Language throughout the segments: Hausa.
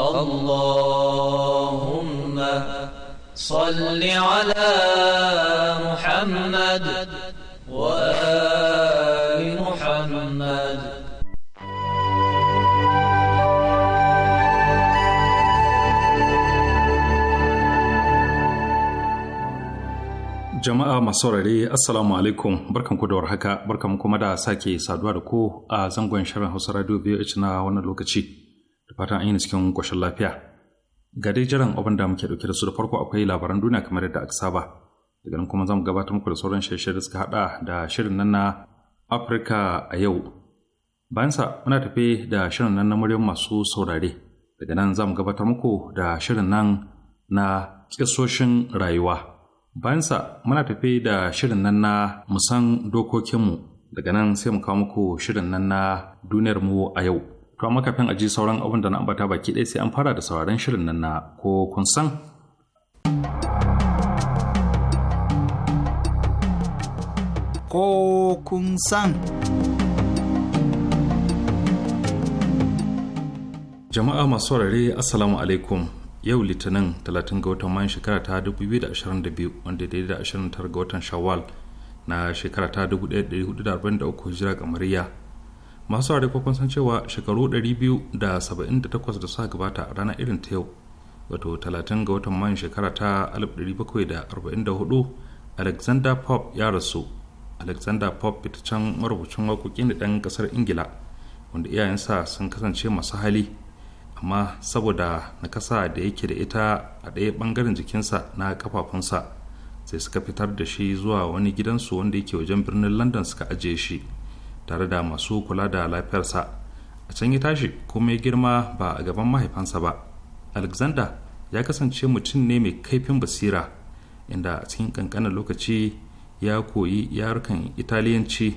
اللهم صل على محمد وآل محمد jama'a masu saurare assalamu alaikum barkan ku da warhaka barkan kuma da sake saduwa da ku a zangon shirin hausa radio bh na wannan lokaci da fatan an yi cikin ƙoshin lafiya ga dai jiran abin da muke ɗauke da su da farko akwai labaran duniya kamar yadda aka saba daga nan kuma za mu gabatar muku da sauran shirye-shirye da suka hada da shirin nan na afirka a yau sa muna tafe da shirin nan na muryar masu saurare daga nan za gabatar muku da shirin nan na kisoshin rayuwa sa muna tafe da shirin nan na musan dokokinmu daga nan sai mu kawo muku shirin nan na duniyarmu a yau To amma kafin a ji sauran abin da na ambata baki ɗaya sai an fara da sauraron shirin nan na ko kun san. Ko kun san. Jama'a masu saurare Assalamu alaikum. Yau Litinin 30 ga watan Mayu shekara ta 2022 wanda daidai da 29 ga watan Shawwal na shekara ta 1443 hijira kamariya. masu ware kwakwan san cewa shekaru 278 da suka gabata a ranar irin ta yau wato 30 ga watan mayu shekara ta 1744 alexander pope ya rasu alexander pope fitaccen marubucin waƙoƙi ne ɗan ƙasar ingila wanda iyayensa sun kasance masu hali amma saboda nakasa da yake da ita a ɗaya ɓangaren jikinsa na kafafunsa sai suka fitar da shi zuwa wani gidansu wanda yake wajen birnin london suka ajiye shi tare da masu kula da lafiyarsa a can ya tashi kuma ya girma ba a gaban mahaifansa ba alexander ya kasance mutum ne mai kaifin basira inda a cikin kankanin lokaci ya koyi yarukan italiyanci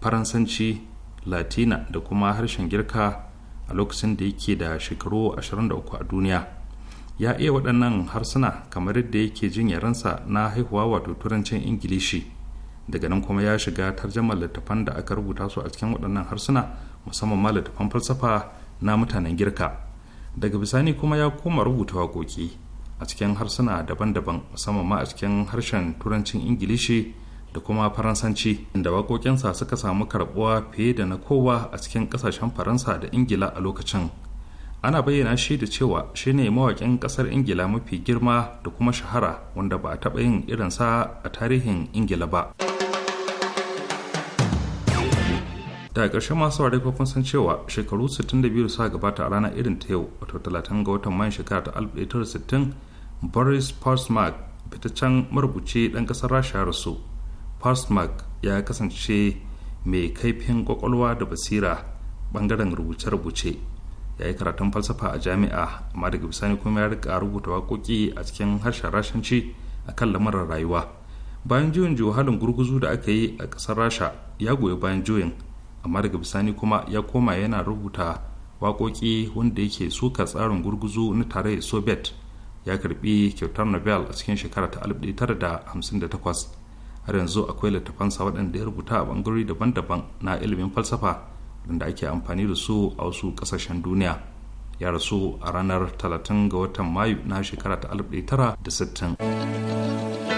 faransanci latina da kuma harshen girka a lokacin da yake da shekaru 23 a duniya ya iya waɗannan harsuna kamar yadda yake jin yaransa na haihuwa wato turancin ingilishi daga nan kuma ya shiga tarjamar littafan da aka rubuta su a cikin waɗannan harsuna musamman ma littattafan falsafa na mutanen girka daga bisani kuma ya koma rubuta waƙoƙi a cikin harsuna daban-daban musamman ma a cikin harshen turancin ingilishi da kuma faransanci inda waƙoƙinsa suka samu karɓuwa fiye da na kowa a cikin ƙasashen faransa da ingila a lokacin ana bayyana shi da cewa shi ne mawaƙin ƙasar ingila mafi girma da kuma shahara wanda ba a taɓa yin irinsa a tarihin ingila ba. daga ƙarshe masu ware kun san cewa shekaru 62 da suka gabata a ranar irin ta yau wato 30 ga watan mayan shekara ta 1960 boris postmark fitaccen marubuci ɗan ƙasar rasha rasu postmark ya kasance mai kaifin kwakwalwa da basira ɓangaren rubuce-rubuce ya yi karatun falsafa a jami'a amma daga bisani kuma ya rika rubuta waƙoƙi a cikin harshen rashanci a kan lamarin rayuwa bayan juyin juhalin gurguzu da aka yi a ƙasar rasha ya goyi bayan juyin amma daga bisani kuma ya koma yana rubuta waƙoƙi wanda yake suka tsarin gurguzu na tarayyar soviet ya karbi kyautar nobel a cikin shekara ta 1958 har yanzu akwai littafansa waɗanda ya rubuta a ɓangarori daban-daban na ilimin falsafa wadanda ake amfani da su a wasu kasashen duniya ya rasu a ranar 30 ga watan mayu na shekara ta 1960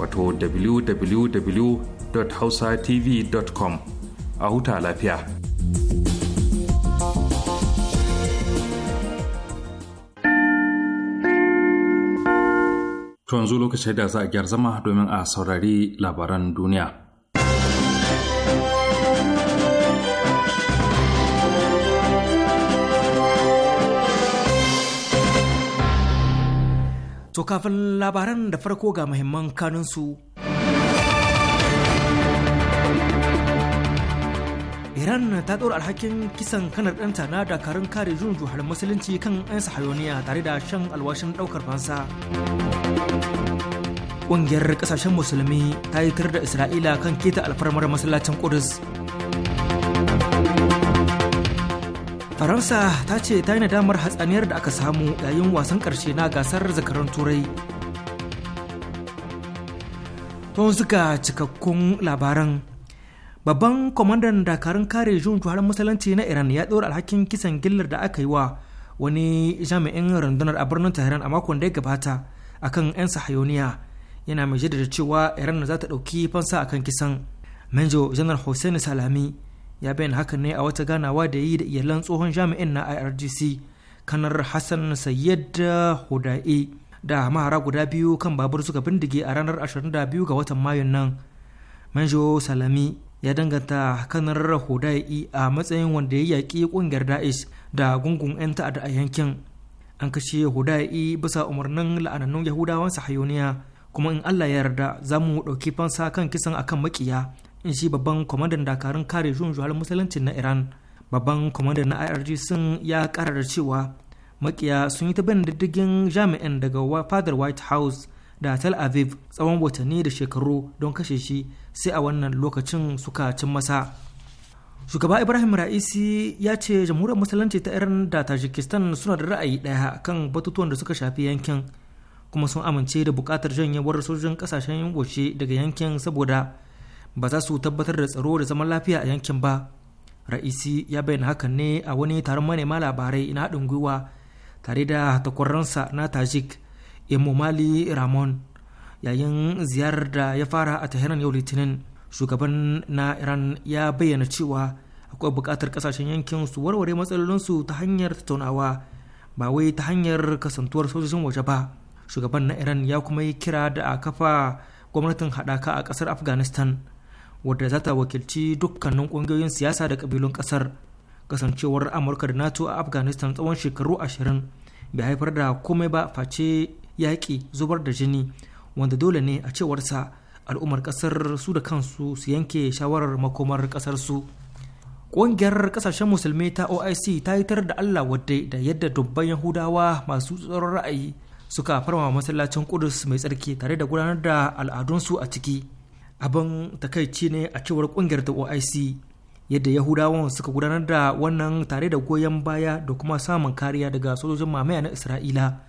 wato www.hausatv.com a huta lafiya. To yanzu lokacin da za a gyar zama domin a saurari labaran duniya. To kafin labaran da farko ga muhimman kanunsu. Iran ta ɗora alhakin kisan kanar ɗanta na dakarun kare jun juhar musulunci kan 'yan sahayoniya tare da shan alwashin ɗaukar fansa. Ƙungiyar ƙasashen musulmi ta yi da Isra'ila kan keta alfarmar masallacin Ƙudus. faransa ta ce ta yi damar hatsaniyar da aka samu yayin wasan karshe na gasar zakaran turai tun suka cikakkun labaran babban kwamandan dakarun kare jun juharar musulunci na iran ya ɗora alhakin kisan gillar da aka yi wa wani jami'in rundunar a birnin tehran a makon da ya gabata akan 'yan sahayoniya yana mai jaddada cewa iran za ta ɗauki fansa akan kisan manjo janar hussein salami ya bayyana hakan ne a wata ganawa da yi da iyalan tsohon jami'in na irgc kanar hassan sayyid huda'i da mahara guda biyu kan babur suka bindige a ranar 22 ga watan mayun nan manjo salami ya danganta kanar huda'i a matsayin wanda ya yaƙi ƙungiyar da'ish da gungun 'yan ta'adda a yankin an kashe huda'i bisa umarnin la'anannun yahudawan sahayoniya kuma in allah ya yarda za mu ɗauki fansa kan kisan akan makiya in shi babban kwamandan dakarun kare juyin musulunci na iran babban kwamandan na irg sun ya karar cewa makiya sun yi ta bin diddigin jami'in daga fadar white house da tel aviv tsawon watanni da shekaru don kashe shi sai a wannan lokacin suka cin masa shugaba ibrahim ra'isi ya ce jamhuriyar musulunci ta iran da tajikistan suna da ra'ayi daya kan batutuwan da suka shafi yankin kuma sun amince da bukatar janyewar sojojin kasashen waje daga yankin saboda ba za su tabbatar da tsaro da zaman lafiya a yankin ba ra'isi ya bayyana hakan ne a wani taron manema labarai na haɗin gwiwa tare da takwarransa na tajik imomali ramon yayin ziyarar da ya fara a tahiran yau litinin shugaban na iran ya bayyana cewa akwai buƙatar ƙasashen yankin su warware matsalolinsu ta hanyar tattaunawa ba wai ta hanyar kasantuwar sojojin waje ba shugaban na iran ya kuma yi kira da a kafa gwamnatin haɗaka a ƙasar afghanistan wadda za ta wakilci dukkanin ƙungiyoyin siyasa da ƙabilun ƙasar kasancewar amurka da nato a afghanistan tsawon shekaru ashirin bai haifar da komai ba face yaƙi zubar da jini wanda dole ne a cewarsa al'ummar ƙasar su da kansu su yanke shawarar makomar ƙasar su ƙungiyar ƙasashen musulmi ta oic ta yi tar da allah wadda da yadda dubban yahudawa masu tsoron ra'ayi suka farma masallacin kudus mai tsarki tare da gudanar da al'adunsu a ciki abin takaici ne a cewar kungiyar ta oic yadda yahudawan suka gudanar da wannan tare da goyon baya da kuma samun kariya daga sojojin mamaya na isra'ila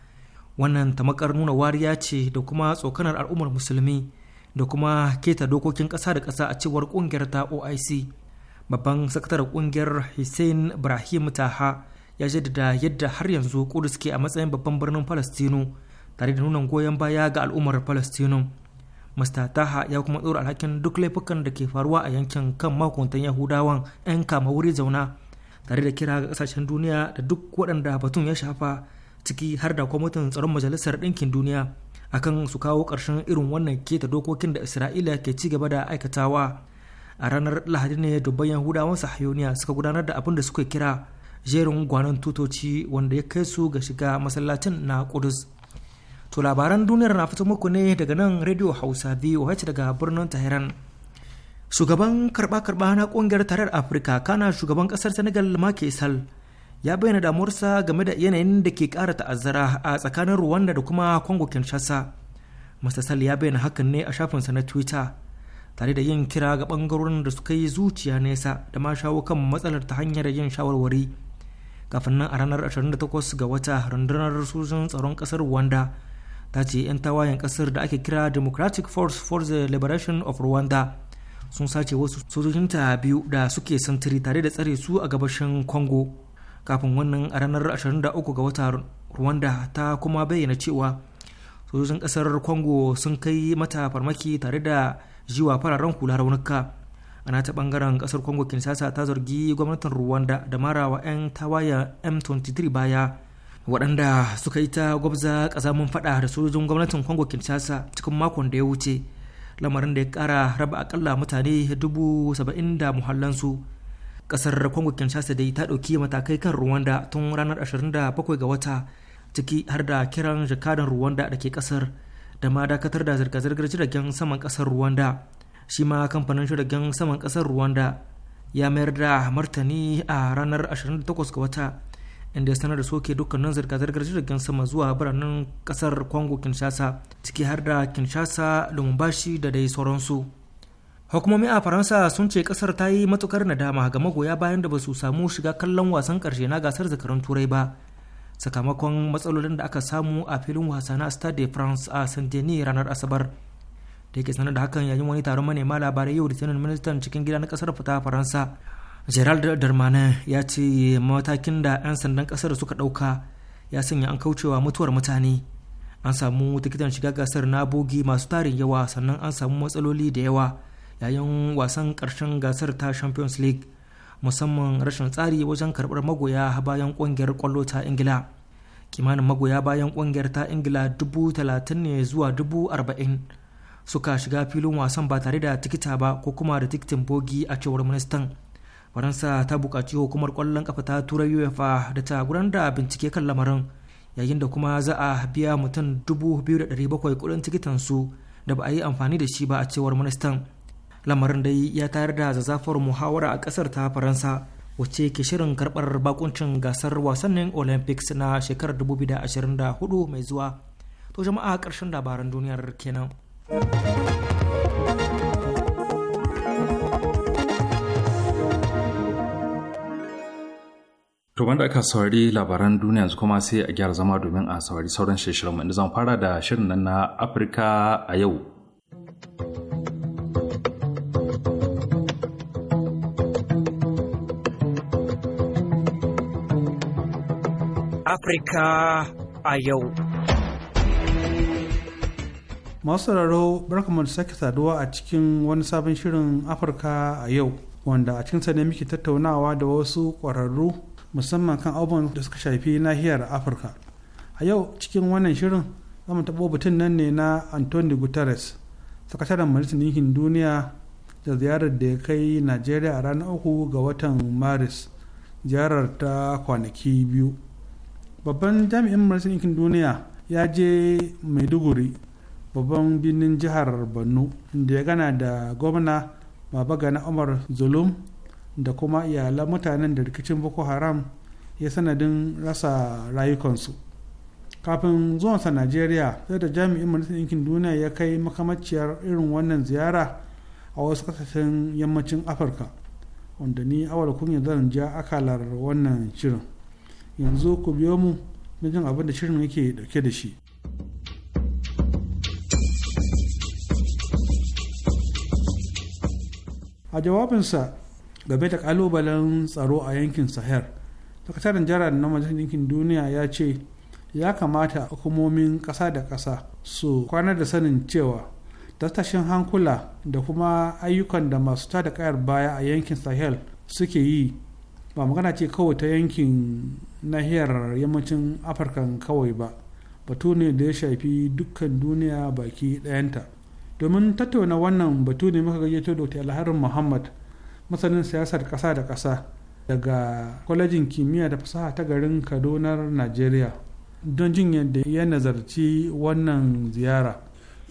wannan tamakar nuna wariya ce da kuma tsokanar al'ummar musulmi da kuma keta dokokin kasa da kasa a cewar kungiyar ta oic babban sakataren kungiyar hussein ibrahim taha ya jaddada yadda har yanzu kudus ke a matsayin babban birnin palestino tare da nuna goyon baya ga al'ummar palestino Mr. Taha ya kuma tsoro alhakin duk laifukan da ke faruwa a yankin kan mahukuntan Yahudawan 'yan kama wuri zauna tare da kira ga kasashen duniya da duk waɗanda batun ya shafa ciki har da kwamitin tsaron majalisar ɗinkin duniya akan su kawo ƙarshen irin wannan keta dokokin da Isra'ila ke ci gaba da aikatawa. A ranar Lahadi ne dubban Yahudawan Sahiyoniya suka gudanar da abin da suka kira jerin gwanon tutoci wanda ya kai su ga shiga masallacin na Kudus. to labaran duniyar na fito muku ne daga nan radio hausa voh daga birnin tehran shugaban karba-karba na kungiyar tarar afirka kana shugaban kasar senegal Macky Sall ya bayyana damuwarsa game da yanayin da ke kara ta'azzara a tsakanin rwanda da kuma congo kinshasa mr Sall ya bayyana hakan ne a shafinsa na twitter tare da yin kira ga bangarorin da suka yi zuciya nesa da ma shawo kan matsalar ta hanyar yin shawarwari kafin nan a ranar 28 ga wata rundunar sojojin tsaron kasar rwanda ta ce 'yan tawayen kasar da ake kira democratic force for the liberation of rwanda sun sace wasu sojojinta biyu da suke santiri tare da tsare su a gabashin congo kafin wannan a ranar 23 ga wata rwanda ta kuma bayyana cewa sojojin kasar congo sun kai mata farmaki tare da jiwa fararen hula raunuka ana ta bangaren kasar congo kinshasa ta zargi gwamnatin rwanda da marawa 'yan tawaya m23 baya waɗanda suka yi ta gwabza ƙazamin faɗa da sojojin gwamnatin kwango Kinshasa cikin makon da ya wuce lamarin da ya ƙara raba akalla mutane dubu saba'in da muhallansu ƙasar kwango Kinshasa dai ta ɗauki matakai kan ruwanda tun ranar 27 ga wata ciki har da kiran jakadan ruwanda da ke ƙasar da ma dakatar da zirga-zirgar jiragen saman ƙasar ruwanda shi ma kamfanin jiragen saman ƙasar ruwanda ya mayar da martani a ranar 28 ga wata inda ya sanar da soke dukkanin zirga-zirgar jirgin sama zuwa biranen kasar kongo kinshasa ciki har da kinshasa lumumbashi da dai sauransu hukumomi a faransa sun ce kasar ta yi matukar nadama ga magoya bayan da ba su samu shiga kallon wasan karshe na gasar zakarun turai ba sakamakon matsalolin da aka samu a filin wasa na stade de france a saint denis ranar asabar da yake sanar da hakan yayin wani taron manema labarai yau da ministan cikin gida na kasar fita faransa gerald darmanin ya ce matakin da 'yan sandan kasar suka ɗauka ya sanya an kaucewa mutuwar mutane an samu tikitan shiga gasar na bogi masu tarin yawa sannan an samu matsaloli da yawa yayin wasan ƙarshen gasar ta champions league musamman rashin tsari wajen karɓar magoya bayan ƙungiyar ƙwallo ta ingila kimanin magoya bayan ƙungiyar ta ingila dubu talatin ne zuwa dubu arba'in suka shiga filin wasan ba tare da tikita ba ko kuma da tikitin bogi a cewar ministan faransa ta bukaci hukumar kwallon kafa ta turai uefa da ta gudanar da bincike kan lamarin yayin da kuma za a biya mutum 2,700 kudin tikitansu tikitan su da ba a yi amfani da shi ba a cewar ministan lamarin dai ya tayar da zazzafar muhawara a ƙasar ta faransa wacce ke shirin karɓar bakuncin gasar wasannin olympics na shekarar 2024 mai zuwa to jama'a ƙarshen labaran duniyar kenan. To banda aka saurari labaran duniya yanzu kuma sai a gyara zama domin a saurari sauran shirin mu zan fara da shirin nan na Afirka a yau. Afirka a yau. Masu sauraro barkamu da sake saduwa a cikin wani sabon shirin Afirka a yau wanda a cikin sa ne muke tattaunawa da wasu ƙwararru musamman kan abubuwan da suka shafi nahiyar afirka a yau cikin wannan shirin za mu taɓo batun nan ne na antoni guterres sakataren majalisar ɗinkin duniya da ziyarar da ya kai najeriya a ranar uku ga watan maris ziyarar ta kwanaki biyu babban jami'in majalisar ɗinkin duniya ya je maiduguri babban birnin jihar borno inda ya gana da gwamna babagana umar zulum da kuma iyalan mutanen da rikicin boko haram ya sanadin rasa rayukansu kafin zuwansa najeriya sai da jami'in majalisar ɗinkin duniya ya kai makamaciyar irin wannan ziyara a wasu ƙasashen yammacin afirka wanda ni awal kunya zan ja akalar wannan shirin yanzu ku biyo mu na jin abin da shirin yake dauke da shi a jawabinsa game da kalubalen tsaro a yankin sahel sakataren jihar na majalisar ɗinkin duniya ya ce ya kamata hukumomin ƙasa da ƙasa su kwanar da sanin cewa tattashin hankula da kuma ayyukan da masu tada kayar baya a yankin sahel suke yi ba magana ce kawai ta yankin nahiyar yammacin afirka kawai ba batu ne da ya shafi dukkan duniya baki ɗayanta domin tattauna wannan batu ne muka gayyato dr alharin muhammad masanin siyasar ƙasa da ƙasa daga kwalejin kimiyya da fasaha ta garin kadunar najeriya don jin yadda ya nazarci wannan ziyara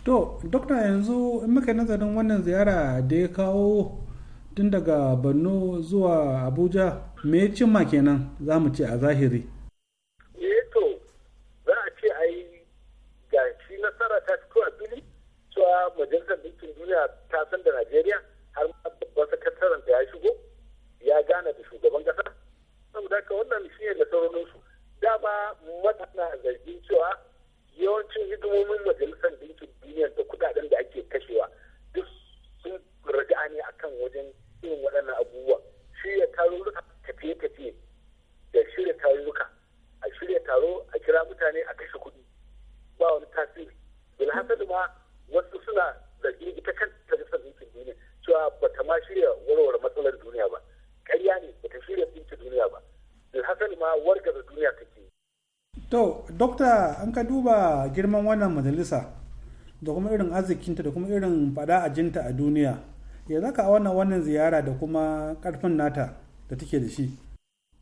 to dokta yanzu in muka nazarin wannan ziyara da ya kawo tun daga borno zuwa abuja me cimma kenan za mu ce a zahiri eh to ce a yi gashi nasara ta fili cewa majalisar dukkan duniya ta san da najeriya karanta ya shigo ya gane da shugaban kasa saboda haka wannan shi ne da ba dama matana zargin cewa yawancin hidimomin majalisar dinkin duniya da kudaden da ake kashewa duk sun raja ne akan wajen irin waɗannan abubuwa shirya tarurruka tafiye-tafiye da shirya tarurruka a shirya taro a kira mutane a kashe kuɗi ba wani tasiri da ma wasu suna zargin ita kan majalisar dinkin cewa ba ta ma shirya warware matsalar duniya ba ƙarya ne ba ta shirya tsinci duniya ba hasali ma da duniya take to dokta an ka duba girman wannan majalisa da kuma irin arzikinta da kuma irin fada ajinta a duniya ya zaka a wannan wannan ziyara da kuma karfin nata da take da shi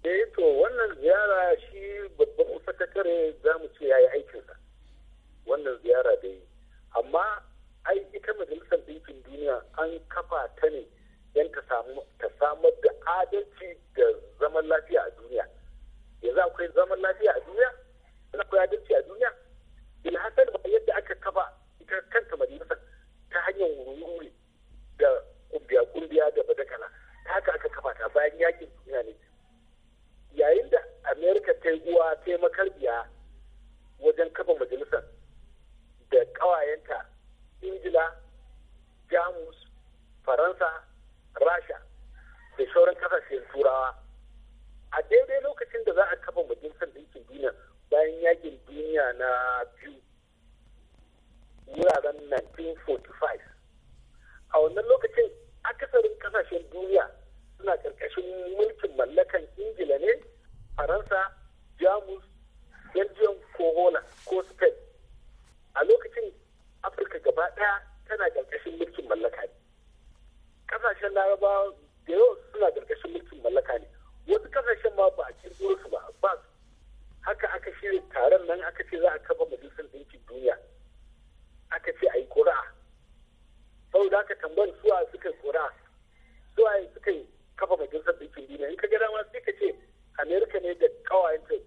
eh to wannan ziyara shi babban sakatare za mu ce ya yi aikinsa wannan ziyara dai amma ai ita majalisar ɗinkin duniya an kafa ta ne don ta samar da adalci da zaman lafiya a duniya yanzu akwai zaman lafiya a duniya yanzu akwai adalci a duniya ilhassan ba yadda aka kafa ita kanta majalisar ta hanyar wuri da kumbiya kumbiya da badakala ta haka aka kafa ta bayan yakin duniya ne yayin da amerika ta yi uwa ta yi makarbiya wajen kafa majalisar da ƙawayenta ingila jamus faransa rasha da sauran kasashen turawa a daidai lokacin da za a kafa majalisar ɗinkin duniya bayan yakin duniya na biyu wuraren 1945 a wannan lokacin akasarin kasashen duniya suna karkashin mulkin mallakan ingila ne faransa jamus belgium ko holland ko spain a lokacin afirka gaba ɗaya tana ƙarƙashin mulkin mallaka ne ƙasashen larabawa da yawa suna ƙarƙashin mulkin mallaka ne wasu ƙasashen ma ba a kirkiro su ba ba haka aka shirya taron nan aka ce za a kafa majalisar ɗinkin duniya aka ce a yi ƙura'a saboda aka tambayar suwa suka yi ƙura'a suwa suka yi kafa majalisar ɗinkin duniya in ka gada ma sai ka ce amerika ne da ƙawayenta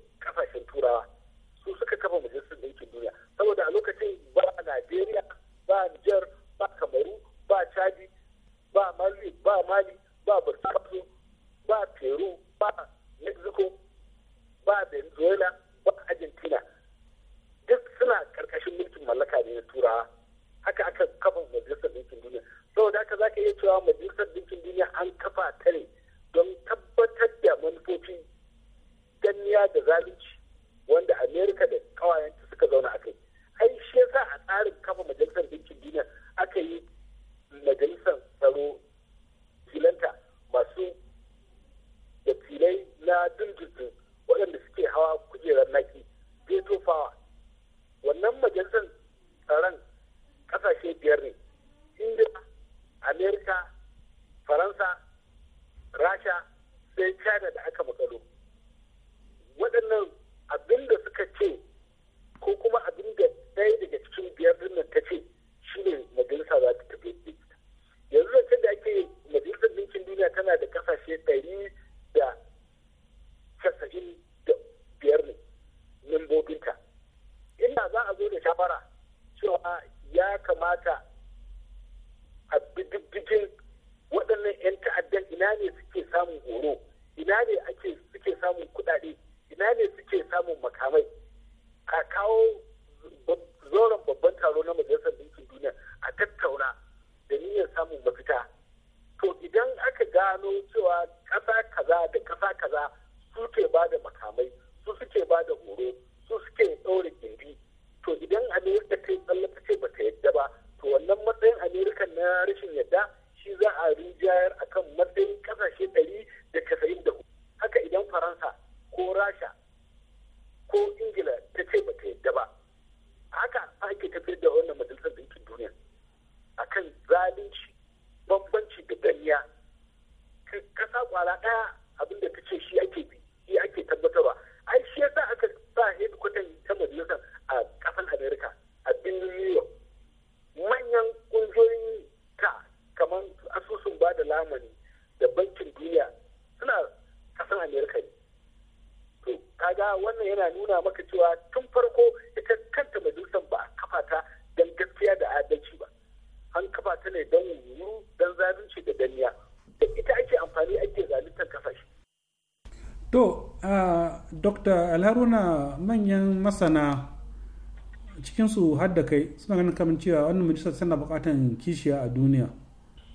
su har da kai suna ganin kamar cewa wannan majalisar tana buƙatar kishiya a duniya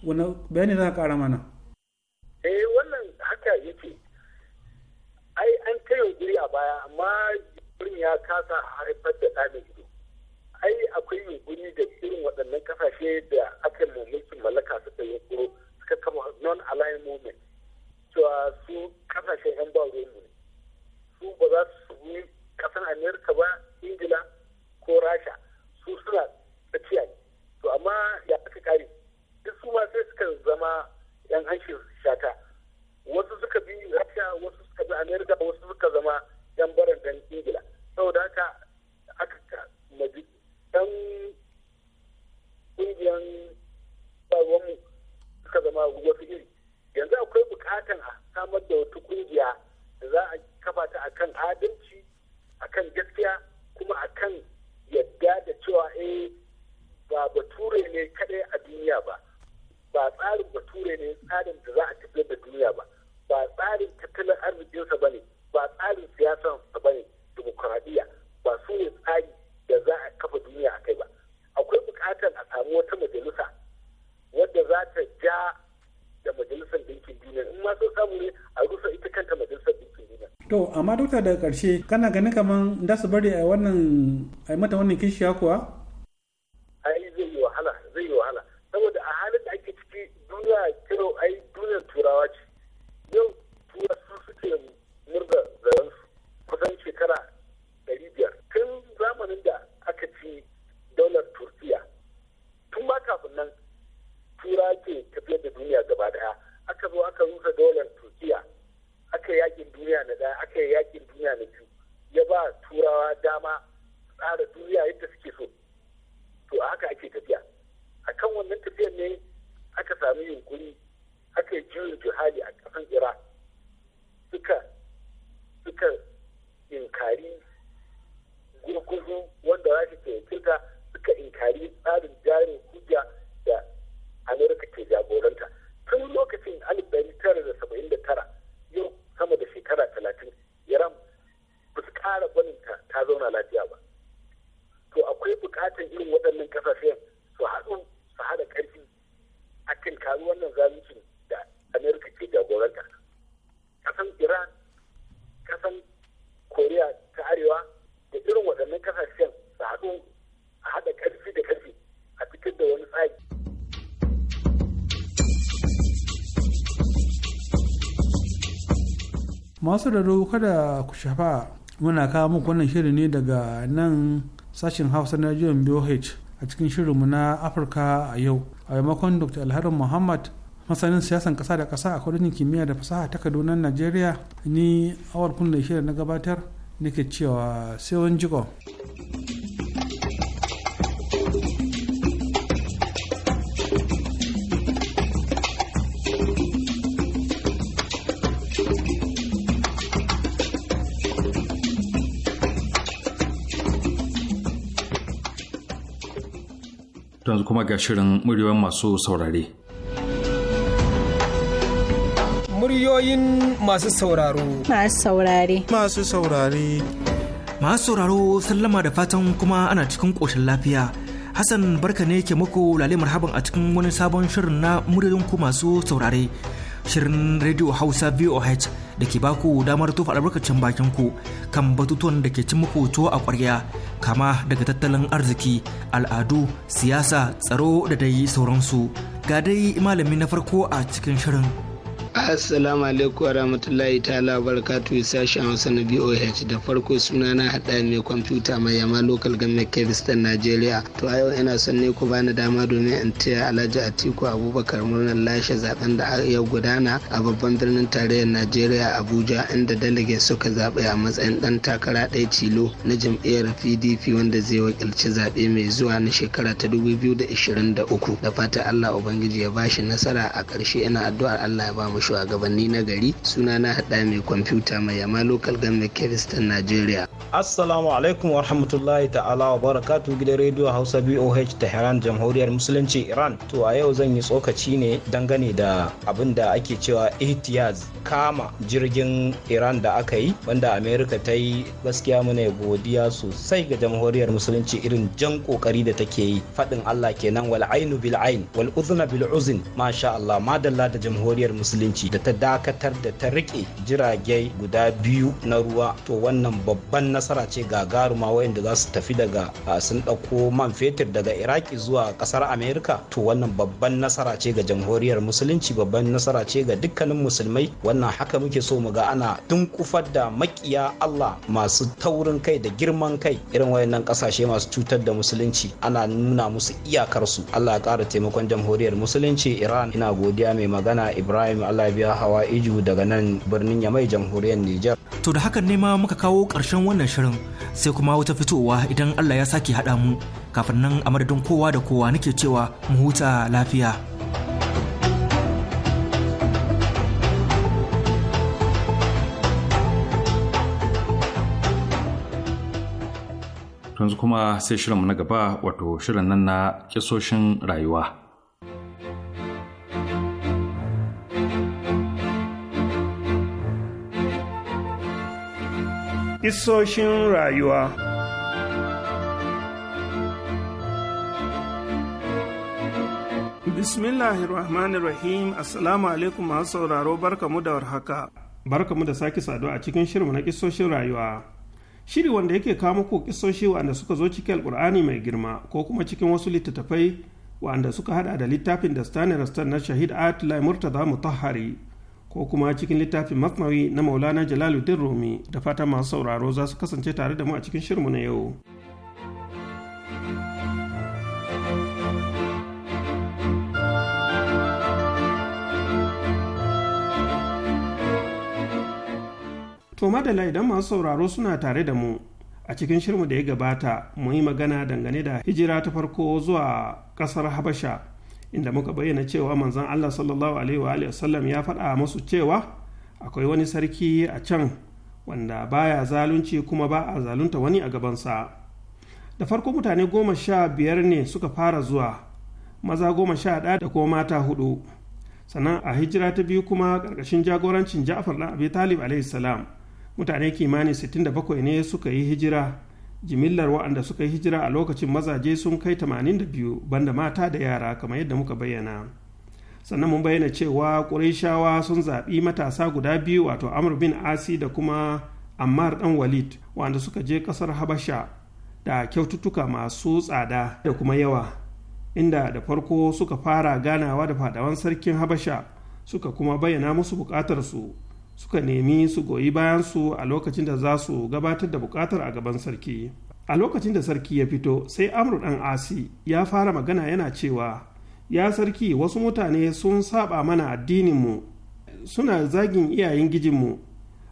wani bayani za ka ƙara mana yanzu akwai bukatan a samar da wata kungiya da za a kafa ta kan adalci a kan gaskiya kuma a kan yadda da cewa eh ba bature ne kadai a duniya ba ba tsarin bature ne tsarin da za a tafiyar da duniya ba ba tsarin tattalin arzikinsa ba ne ba tsarin siyasarsa ba ne demokuraɗiyya ba su ne tsari da za a kafa duniya a kai ba akwai bukatan a samu wata majalisa wadda za ta ja da majalisar dinkin duniya in ma so samu ne a rusa ita kanta majalisar dinkin duniya. to amma dokta daga karshe kana ganin kaman da su bari a wannan a mata wannan kishiya kuwa. ai zai yi wahala zai yi wahala saboda a halin da ake ciki duniya kiro ai duniyar turawa ce yau tura su suke murga zaren su kusan shekara ɗari biyar tun zamanin da aka ci daular turkiya tun ba kafin nan tura ke tafiyar da duniya gaba daya aka zo aka rusa dolar turkiya aka yi yakin duniya na daya aka yi yakin duniya na biyu ya ba turawa dama tsara duniya yadda suke so to a haka ake tafiya a kan wannan tafiyar ne aka sami yunkuri aka yi juyin juhali a kasan ira suka suka inkari gurguzu wanda za su ke suka inkari tsarin jarin hujja da amerika ke jagoranta tun lokacin alif ɗari tara da saba'in da tara yau sama da shekara talatin yaran ba su kara gwaninta ta zauna lafiya ba to akwai buƙatar irin waɗannan ƙasashen su haɗu su haɗa ƙarfi a kan karu wannan zaluncin da amerika ke jagoranta kasan iran kasan koriya ta arewa da irin waɗannan masu da kada ku shafa muna kawo muku wannan shirin ne daga nan sashen hausa na jiyon boh a cikin shirinmu na afirka a yau a maimakon dr alharin muhammad masanin siyasan kasa da kasa a kwadanin kimiyya da fasaha ta kaduna nigeria ni awar kun da shirin na gabatar nake cewa sai wani jikon. yanzu kuma ga shirin muryoyin masu saurare. Muryoyin masu sauraro. Masu saurare. Masu saurare. Masu sauraro sallama da fatan kuma ana cikin ƙoshin lafiya. Hassan barka ne ke muku lale marhaban a cikin wani sabon shirin na muryoyin ku masu saurare. shirin radio hausa voh da ke baku damar tufa albarkacin bakin ku kan batutuwan da ke cin muku tuwo a kwarya kama daga tattalin arziki al'adu siyasa tsaro da dai sauransu ga dai malami na farko a cikin shirin Assalamu alaikum wa rahmatullahi ta'ala barakatu sashen Hausa na BOH da farko suna na hada mai kwamfuta mai yama lokal government kebis ta Najeriya. To a yau ina son ne ku bani dama domin in taya Alhaji Atiku Abubakar murnar lashe zaben da ya gudana a babban birnin tarayyar Najeriya Abuja inda daligai suka zaɓe a matsayin ɗan takara ɗaya tilo na jam'iyyar PDP wanda zai wakilci zaɓe mai zuwa na shekara ta 2023. Da fatan Allah Ubangiji ya bashi nasara a ƙarshe ina addu'ar Allah ya ba mu shugabanni na gari suna na hada mai kwamfuta mai yama local government kiristan nigeria assalamu alaikum wa rahmatullahi ta'ala wa barakatu gidan rediyo hausa boh tehran jamhuriyar musulunci iran to a yau zan yi tsokaci ne dangane da abin da ake cewa ihtiyaz kama jirgin iran da aka yi wanda Amerika ta yi gaskiya muna godiya sosai ga jamhuriyar musulunci irin jan kokari da take yi Fadin allah kenan wal ainu bil ain wal uzna bil uzn masha allah madalla da jamhuriyar musulunci hukunci da ta dakatar da ta rike jirage guda biyu na ruwa to wannan babban nasara ce ga garuma wayanda za su tafi daga sun dauko man fetur daga iraki zuwa kasar amerika to wannan babban nasara ce ga jamhuriyar musulunci babban nasara ce ga dukkanin musulmai wannan haka muke so mu ga ana dunkufar da makiya allah masu taurin kai da girman kai irin wayannan kasashe masu cutar da musulunci ana nuna musu iyakarsu allah ya kara taimakon jamhuriyar musulunci iran ina godiya mai magana ibrahim allah ta biya hawa iju daga nan birnin ya yamai jamhuriyar Nijar. To da hakan ne ma muka kawo ƙarshen wannan shirin sai kuma wata fitowa idan Allah ya sake haɗa mu kafin nan a madadin kowa da kowa nake cewa mu huta lafiya. yanzu kuma sai shirinmu na gaba wato shirin nan na kisoshin rayuwa. Isoshin rayuwa Bismillahirrahmanirrahim Assalamu alaikum masu sauraro barkamu da warhaka. Barkamu da sake saduwa a cikin shirinmu na kisoshin rayuwa. Shiri wanda yake kama muku kisoshi wanda suka zo cikin alkur'ani mai girma ko kuma cikin wasu littattafai wanda suka hada da littafin da Stanley Rastan na Shahid Atla Murtaza Mutahhari ko kuma cikin littafin masnawi na maulana jalaluddin rumi da fata masu sauraro za su kasance tare da mu a cikin shirmu na yau to madala idan masu sauraro suna tare da mu a cikin shirmu da ya gabata mu yi magana dangane da hijira ta farko zuwa ƙasar habasha inda muka bayyana cewa manzon Allah sallallahu alaihi wa wasallam ya faɗa masu cewa akwai wani sarki a can wanda baya zalunci kuma ba a zalunta wani a gabansa da farko mutane goma sha biyar ne suka fara zuwa maza goma sha ɗaya da kuma mata hudu sannan a hijira ta biyu kuma ƙarƙashin jagorancin ja'far ɗan abi talib alaihi salam mutane kimanin 67 ne suka yi hijira jimillar waɗanda suka yi hijira a lokacin mazaje sun kai 82 banda mata da yara kamar yadda muka bayyana sannan mun bayyana cewa ƙurayshawa sun zaɓi matasa guda biyu wato amr bin asi da kuma ammar dan walid waɗanda suka je ƙasar habasha da kyaututtuka masu tsada da kuma yawa inda da farko suka fara ganawa da fadawan sarkin habasha suka kuma bayyana musu buƙatarsu suka nemi su goyi bayansu a lokacin da za su gabatar da bukatar a gaban sarki a lokacin da sarki ya fito sai amru dan asi ya fara magana yana cewa ya sarki wasu mutane sun saba mana addininmu suna zagin iyayen gijinmu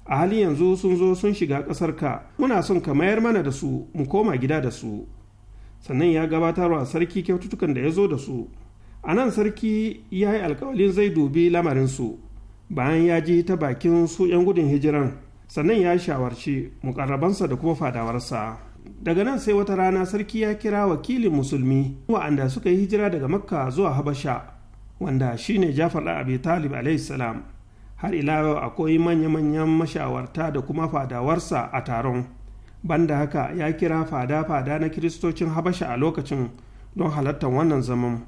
a halin yanzu sun zo sun shiga ka muna son ka mayar mana da su mu koma gida da su sannan ya gabatarwa sarki kyaututtukan da ya zo da su a nan sarki ya yi alkawalin zai dubi lamarinsu bayan ya ji ta bakin su 'yan gudun hijiran sannan ya shawarci mukarrabansa da kuma fadawarsa daga nan sai wata rana sarki ya kira wakilin musulmi wa'anda suka yi hijira daga makka zuwa habasha wanda shine jafar da abi talib salam har ila yau akwai manya-manyan mashawarta da kuma fadawarsa a taron banda haka ya kira fada-fada na kiristocin habasha a lokacin don halartar wannan zaman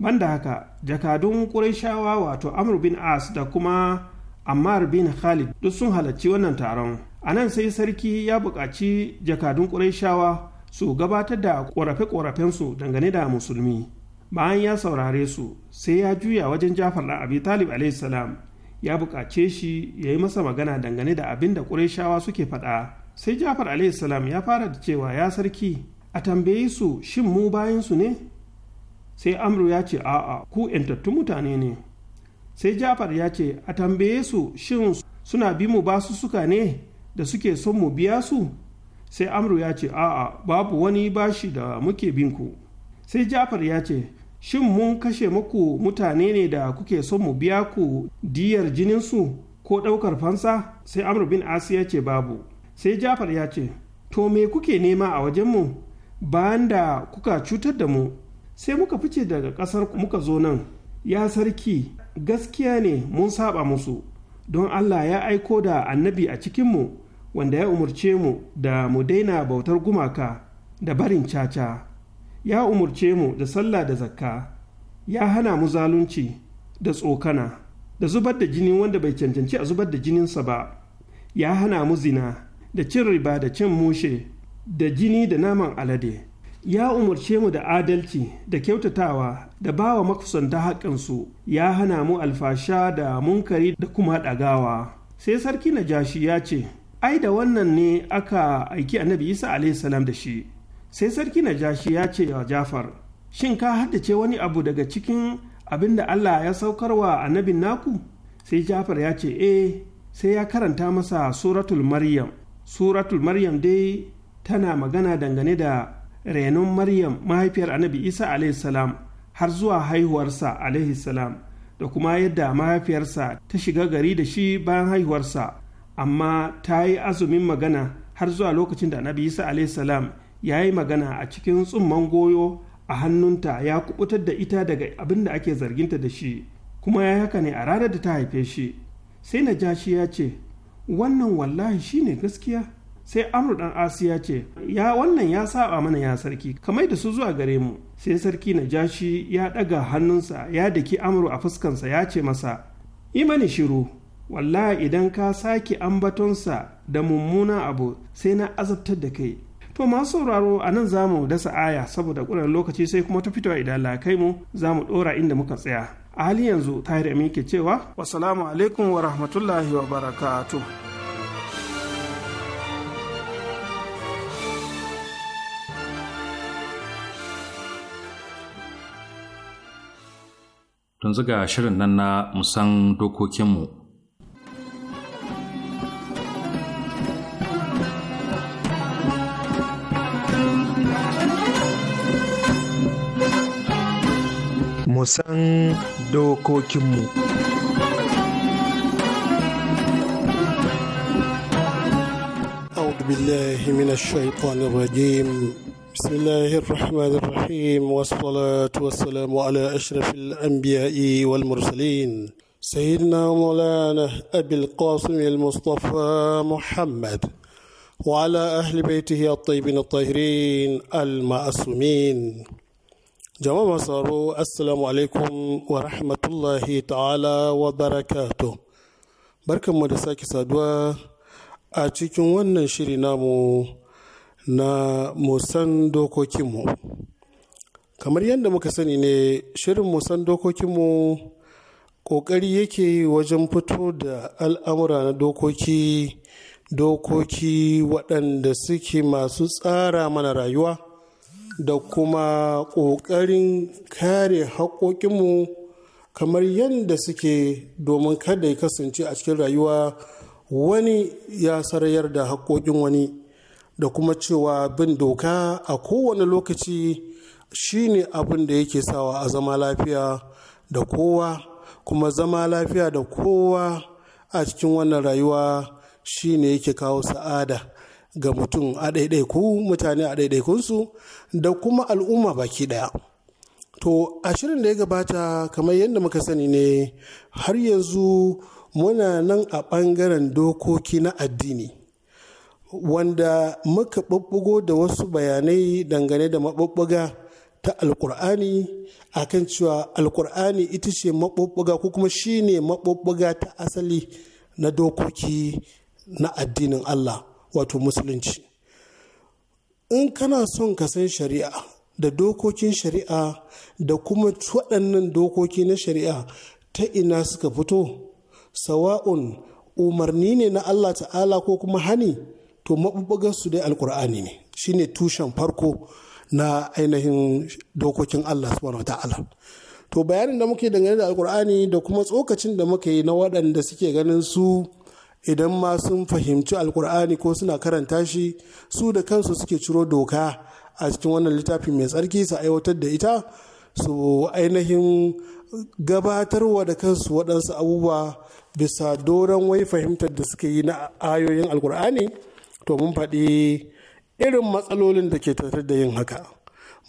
banda haka jakadun shawa wato amr bin as da kuma ammar bin khalid duk sun halarci wannan taron a nan sai sarki ya buƙaci jakadun shawa su gabatar da ƙorafe-ƙorafensu dangane da musulmi bayan ya saurare su sai ya juya wajen jafar da abi talib salam ya buƙace shi ya yi masa magana dangane da abin da ƙurashawa suke faɗa sai jafar salam ya fara da cewa ya sarki a tambaye su shin mu bayan su ne sai amru ya ce a'a ku ‘yantattun mutane ne sai jafar ya ce a tambaye su shin suna bi mu basu suka ne da suke son mu biya su sai amru ya ce a'a babu wani bashi da muke bin ku sai jafar ya ce shin mun kashe muku mutane ne da kuke son mu biya ku diyar jininsu ko ɗaukar fansa sai amru bin asi ya ce babu sai jafar ya ce to me kuke nema a wajenmu bayan da kuka cutar da mu sai muka fice daga ƙasar muka zo nan ya sarki gaskiya ne mun saba musu don allah ya aiko da annabi a cikinmu wanda ya umarce mu da mu daina bautar gumaka da barin caca ya umarce mu da sallah da zakka ya hana mu zalunci da tsokana da zubar da jini wanda bai cancanci a zubar da jininsa ba ya hana mu zina da cin riba da cin mushe da jini da naman alade ya umarce mu da adalci da kyautatawa da bawa makusanta haƙƙinsu ya hana mu alfasha da munkari da kuma ɗagawa sai sarki najashi ya ce ai da wannan ne aka aiki annabi isa salam da shi sai sarki najashi ya ce wa jafar shin ka haddace wani abu daga cikin abin da allah ya saukar saukarwa annabin naku sai jafar ya ce eh sai ya karanta masa suratul maryam suratul maryam dai tana magana dangane da renon maryam mahaifiyar annabi isa alaihissalam har zuwa haihuwarsa alaihissalam da kuma yadda mahaifiyarsa ta shiga gari da shi bayan haihuwarsa amma ta yi azumin magana har zuwa lokacin da annabi isa alaihissalam ya yi magana a cikin tsumman goyo a hannunta ya kubutar da ita daga abin da ake zarginta da shi kuma ya haka ne a ranar da ta haife shi sai na ja ya ce wannan wallahi shine gaskiya sai Amur dan asiya ce ya wannan ya saba mana ya sarki kamar da su zuwa gare mu sai sarki na shi ya daga hannunsa ya daki amru a fuskansa ya ce masa imani shiru wallahi idan ka sake ambatonsa da mummuna abu sai na azabtar da kai to masu sauraro a nan za mu dasa aya saboda ƙuran lokaci sai kuma ta fitowa idan kai mu za mu ɗora inda muka tsaya a hali yanzu tahir amin ke cewa wasalamu alaikum wa rahmatullahi wa barakatuh don zuga shirin nan na musan dokokinmu. Musan dokokinmu. أعوذ billahi mina الشيطان rajim بسم الله الرحمن الرحيم والصلاة والسلام على أشرف الأنبياء والمرسلين سيدنا مولانا أبي القاسم المصطفى محمد وعلى أهل بيته الطيبين الطاهرين المعصومين جماعة صاروا السلام عليكم ورحمة الله تعالى وبركاته بركة مدساك سادوا أتيكم وننشري نامو na musan dokokinmu kamar yadda muka sani ne shirin musan dokokinmu ƙoƙari yake yi wajen fito da al'amura na dokoki dokoki waɗanda suke masu tsara mana rayuwa da kuma ƙoƙarin kare haƙoƙinmu kamar yadda suke domin kada ya kasance a cikin rayuwa wani ya sarayar da haƙoƙin wani da kuma cewa bin doka a kowane lokaci shine abin da yake sawa a zama lafiya da kowa kuma zama lafiya da kowa a cikin wannan rayuwa shine yake kawo sa'ada ga mutum a ɗaiɗaiku mutane a ɗaiɗaikunsu da kuma al'umma baki ɗaya to a shirin da ya gabata kamar yadda muka sani ne har yanzu muna nan a ɓangaren dokoki na addini wanda muka ɓuɓɓugo da wasu bayanai dangane da maɓuɓɓuga ta alkur'ani akan cewa alkur'ani ita ce maɓuɓɓuga ko kuma shi ne maɓuɓɓuga ta asali na dokoki na addinin Allah wato musulunci in kana son ka san shari'a da dokokin shari'a da kuma waɗannan dokoki na shari'a ta ina suka fito sawa'un umarni ne na Allah ta'ala ko kuma hani to maɓuɓɓugar su dai alkur'ani ne shine tushen farko na ainihin dokokin Allah subhanahu ta'ala to bayanin da muke dangane da alkur'ani da kuma tsokacin da muka yi na waɗanda suke ganin su idan ma sun fahimci alkur'ani ko suna karanta shi su da kansu suke ciro doka a cikin wannan littafi mai tsarki su aiwatar da ita su ainihin gabatarwa da kansu waɗansu abubuwa bisa doron wai fahimtar da suke yi na ayoyin alkur'ani to mun faɗi irin matsalolin da ke tattare da yin haka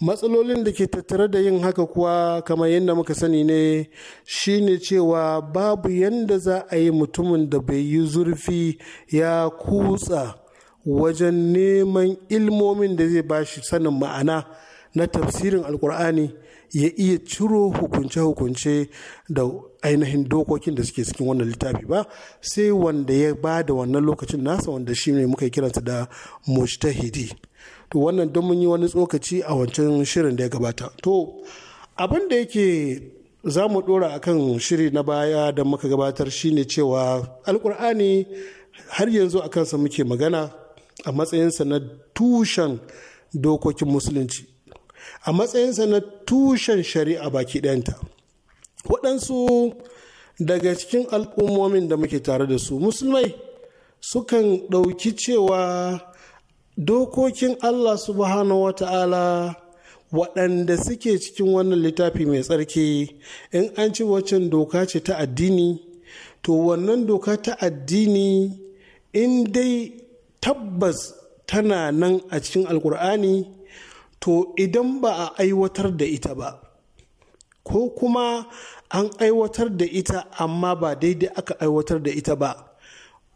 matsalolin da ke tattare da yin haka kuwa kamar yadda muka sani ne shine cewa babu yadda za a yi mutumin da bai yi zurfi ya kutsa wajen neman ilmomin da zai bashi sanin ma'ana na tafsirin alkur'ani ya iya ciro hukunce-hukunce da ainihin dokokin da suke cikin wannan littafi ba sai wanda ya ba da wannan lokacin nasa wanda shi ne muka kiransa da mujtahidi to wannan don mun yi wani tsokaci a wancan shirin da ya gabata to abin da yake za mu dora akan shiri na baya da muka gabatar shine cewa alkur'ani har yanzu a kansa muke magana a matsayinsa na tushen dokokin musulunci a matsayinsa na tushen shari'a baki ɗayanta waɗansu daga cikin al'ummomin da muke tare da su musulmai sukan ɗauki cewa dokokin allah subhanahu wa ta'ala waɗanda suke cikin wannan littafi mai tsarki in an ci waccan doka ce ta addini to wannan doka ta addini in dai tabbas tana nan a cikin alkur'ani to idan ba a aiwatar da ita ba ko kuma an aiwatar da ita amma ba daidai aka aiwatar da ita ba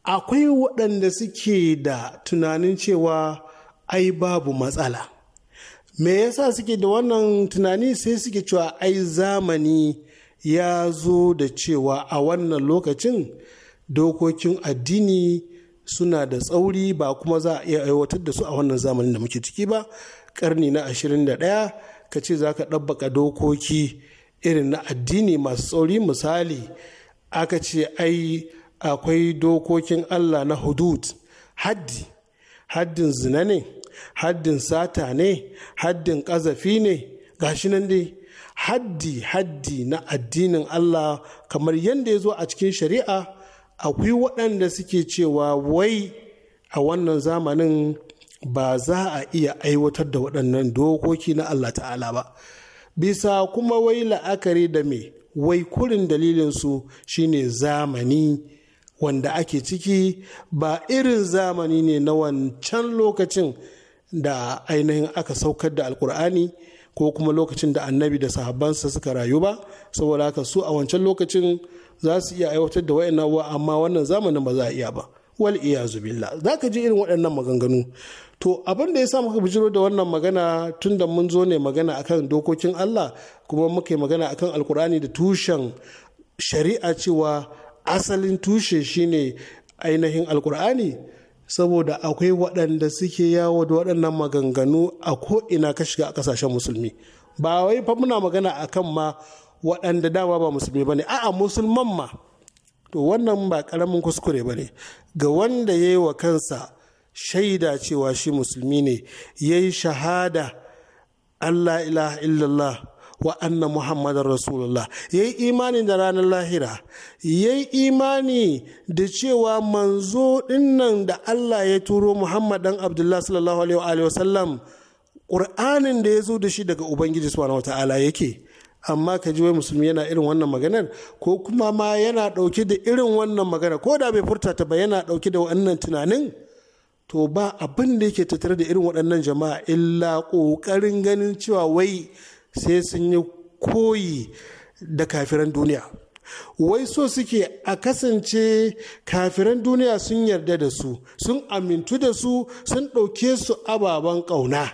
akwai waɗanda suke da tunanin cewa ai babu matsala me yasa suke da wannan tunani sai suke cewa ai zamani ya zo da cewa a wannan lokacin dokokin addini suna da tsauri ba kuma za a iya aiwatar da su a wannan zamanin da muke ciki ba karni na 21 ka ce za ka ɗabbaka dokoki irin na addini masu tsauri misali aka ce ai akwai dokokin Allah na hudud haddi haddin zina ne haddin sata ne haddin ƙazafi ne gashi nan dai haddi haddi na addinin Allah kamar yadda ya zo a cikin shari'a akwai waɗanda suke cewa wai a wannan zamanin ba za a iya aiwatar da waɗannan dokoki na Allah ta'ala ba bisa kuma wai la'akari da me wai kurin dalilinsu shine zamani wanda ake ciki ba irin zamani ne na wancan lokacin da ainihin aka saukar da alkur'ani ko kuma lokacin da annabi da sahabbansa suka rayu ba saboda haka su a wancan lokacin za su iya aiwatar da wa'annan amma wannan zamanin ba za a iya ba wal iyazu billah za ka ji irin waɗannan maganganu to abin da ya sa muka bijiro da wannan magana tun da mun zo ne magana akan dokokin Allah kuma muka yi magana akan alkur'ani da tushen shari'a cewa asalin tushe shine ainihin alkur'ani saboda akwai waɗanda suke yawo da waɗannan maganganu a ko'ina ka shiga a ƙasashen musulmi ba wai fa muna magana akan ma waɗanda dama ba musulmi ba ne a'a musulman ma to wannan ba karamin kuskure ba ne ga wanda ya yi wa kansa shaida cewa shi musulmi ne ya yi shahada allah ilaha illallah wa anna muhammadar rasulullah ya yi imani da ranar lahira ya yi imani da cewa manzo dinnan da allah ya turo muhammadan abdullah sallallahu alaihi wa ƙur'anin da ya zo da shi daga ubangiji subhanahu wa ta'ala yake amma ka ji wai musulmi yana irin wannan maganar ko kuma ma yana ɗauke da irin wannan magana ko da bai furta ta ba yana ɗauke da wannan tunanin to ba abin da yake tattare da irin waɗannan jama'a illa ƙoƙarin ganin cewa wai sai sun yi koyi da kafiran duniya wai so suke a kasance kafiran duniya sun yarda da su sun amintu da su sun ɗauke su ababen ƙauna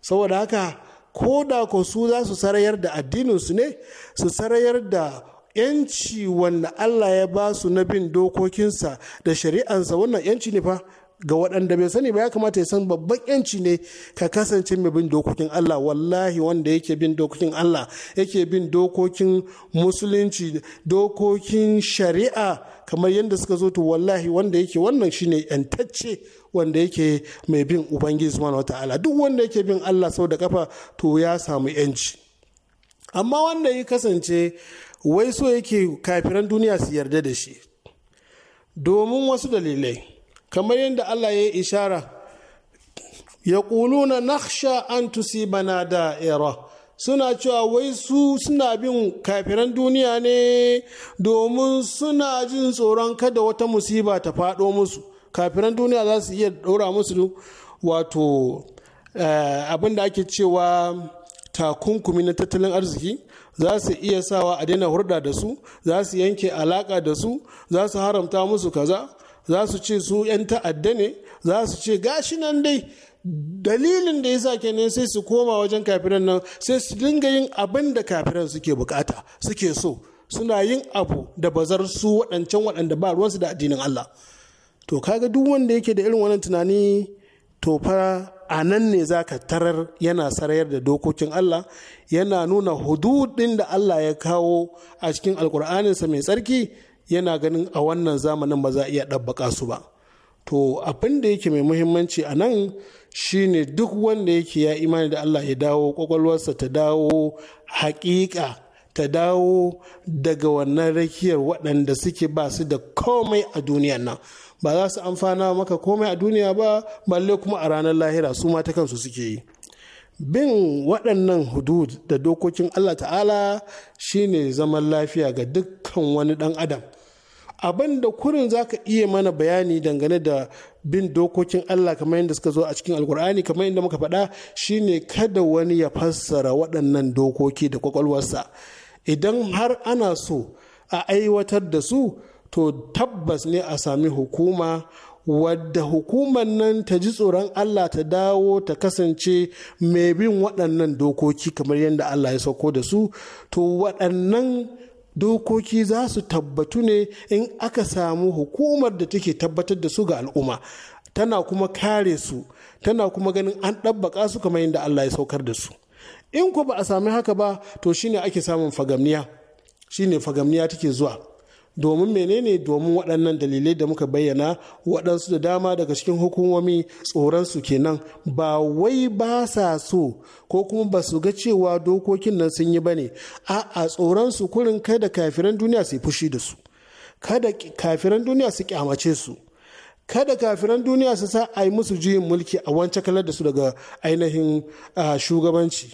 saboda haka ko da ko su za su sarayar da addininsu ne su sarayar da yanci wanda Allah ya ba su na bin dokokinsa da shari'ansa wannan yanci ne fa ga waɗanda bai sani ba ya kamata ya san babban yanci ne ka kasance mai bin dokokin Allah wallahi wanda yake bin dokokin Allah yake bin dokokin musulunci dokokin shari'a kamar yadda suka zo to wallahi wanda yake wannan shine yantacce wanda yake mai bin ubangiji subhanahu wata'ala duk wanda yake bin Allah sau da kafa to ya samu yanci amma wanda ya kasance wai so yake kafiran duniya su yarda da shi domin wasu dalilai kamar yadda Allah ya yi ishara ya na naksha an da da'ira suna cewa wai su suna bin kafiran duniya ne domin suna jin tsoron kada wata musiba ta faɗo musu kafiran duniya za su iya ɗora musu wato eh, abin da ake cewa takunkumi na tattalin arziki za su iya sawa a daina hurda da su za su yanke alaka da su za su haramta musu kaza za su ce su 'yan ta'adda ne za su ce gashi nan dai dalilin da ya sa ne sai su koma wajen kafiran nan sai su dinga yin abin da kafiran suke bukata suke so suna yin abu da bazar su waɗancan waɗanda ba ruwansu da addinin Allah to kaga duk wanda yake da irin wannan tunani to fa a nan ne za ka tarar yana sarayar da dokokin Allah yana nuna hududin da Allah ya kawo a cikin alkur'aninsa mai tsarki yana ganin a wannan zamanin ba za a iya ɗabbaka su ba to abin da yake mai muhimmanci a nan shine duk wanda yake ya imani da Allah ya dawo kwakwalwarsa ta dawo haƙiƙa ta dawo daga wannan rakiyar waɗanda suke ba su da komai a duniyar nan ba za su amfana maka komai a duniya ba balle kuma a ranar lahira su ma ta kansu suke yi bin waɗannan hudud da dokokin Allah ta'ala shine zaman lafiya ga dukkan wani ɗan adam abin da kurin za ka iya mana bayani dangane da bin dokokin Allah kamar yadda suka zo a cikin alkur'ani kamar yadda muka faɗa shine kada wani ya fassara waɗannan dokoki da kwakwalwarsa idan har ana so a aiwatar da su to tabbas ne a sami hukuma wadda hukumar nan ta ji tsoron Allah ta dawo ta kasance mai bin waɗannan dokoki kamar yadda Allah ya sauko da su to waɗannan dokoki za su tabbatu ne in aka samu hukumar da take tabbatar da su ga al'umma tana kuma kare su tana kuma ganin an ɗabbaka su kamar yadda Allah ya saukar da su in ku ba a sami haka ba to shine ake samun fagamniya shine fagamniya take zuwa domin menene domin waɗannan dalilai da muka bayyana waɗansu da dama daga cikin hukumomi tsoronsu kenan ba wai ba sa so ko kuma ba su ga cewa dokokin nan sun yi ba ne a tsoronsu kurin kada kafiran duniya su yi fushi da su kada kafiran duniya su kyamace su kada kafiran duniya su sa a yi musu juyin mulki a wancan kalar da su daga ainihin shugabanci.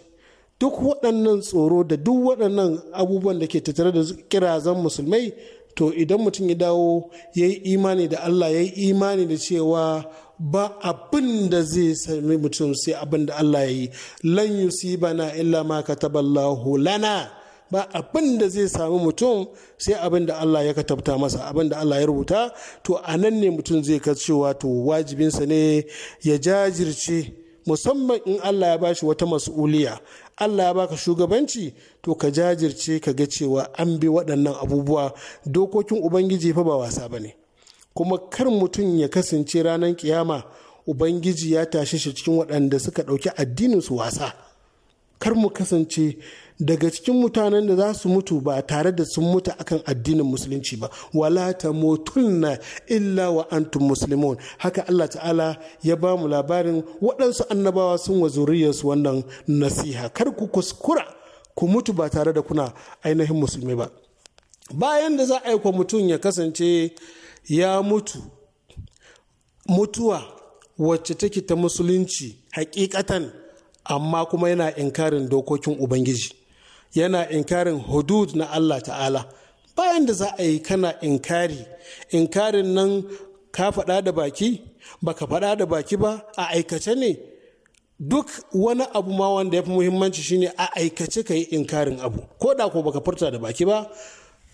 duk waɗannan tsoro da duk waɗannan abubuwan da ke tattare da kirazan musulmai to idan mutum ya dawo ya yi imani da Allah ya yi imani da cewa ba abin da zai sami mutum sai abin da Allah ya yi lan bana illa ma kataballahu lana ba abin da zai sami mutum sai abin da Allah ya katabta masa abin da Allah ya rubuta to a nan ne mutum zai ka cewa to wajibinsa ne ya jajirce musamman in Allah ya bashi wata mas'uliya allah ya baka shugabanci to ka jajirce ka ga cewa an bi waɗannan abubuwa dokokin ubangiji fa ba wasa ba ne kuma kar mutum ya kasance ranar kiyama ubangiji ya tashi shi cikin waɗanda suka ɗauki addinin su wasa kar mu kasance daga cikin mutanen da za su mutu ba tare da sun mutu akan addinin musulunci ba wala ta motunna illa wa antum muslimun haka Allah ta'ala ya ba mu labarin waɗansu annabawa sun wa zuriyarsu wannan nasiha kar ku kuskura ku mutu ba tare da kuna ainihin musulmi ba bayan da za a aiko mutum ya kasance ya mutu mutuwa wacce take ta musulunci hakikatan amma kuma yana inkarin dokokin ubangiji yana inkarin hudud na Allah ta'ala bayan da za a yi kana inkari inkarin nan ka faɗa da baki baka faɗa da baki ba a aikace ne duk wani abu ma wanda ya fi muhimmanci shine a aikace ka yi inkarin abu ko da ko baka furta da baki ba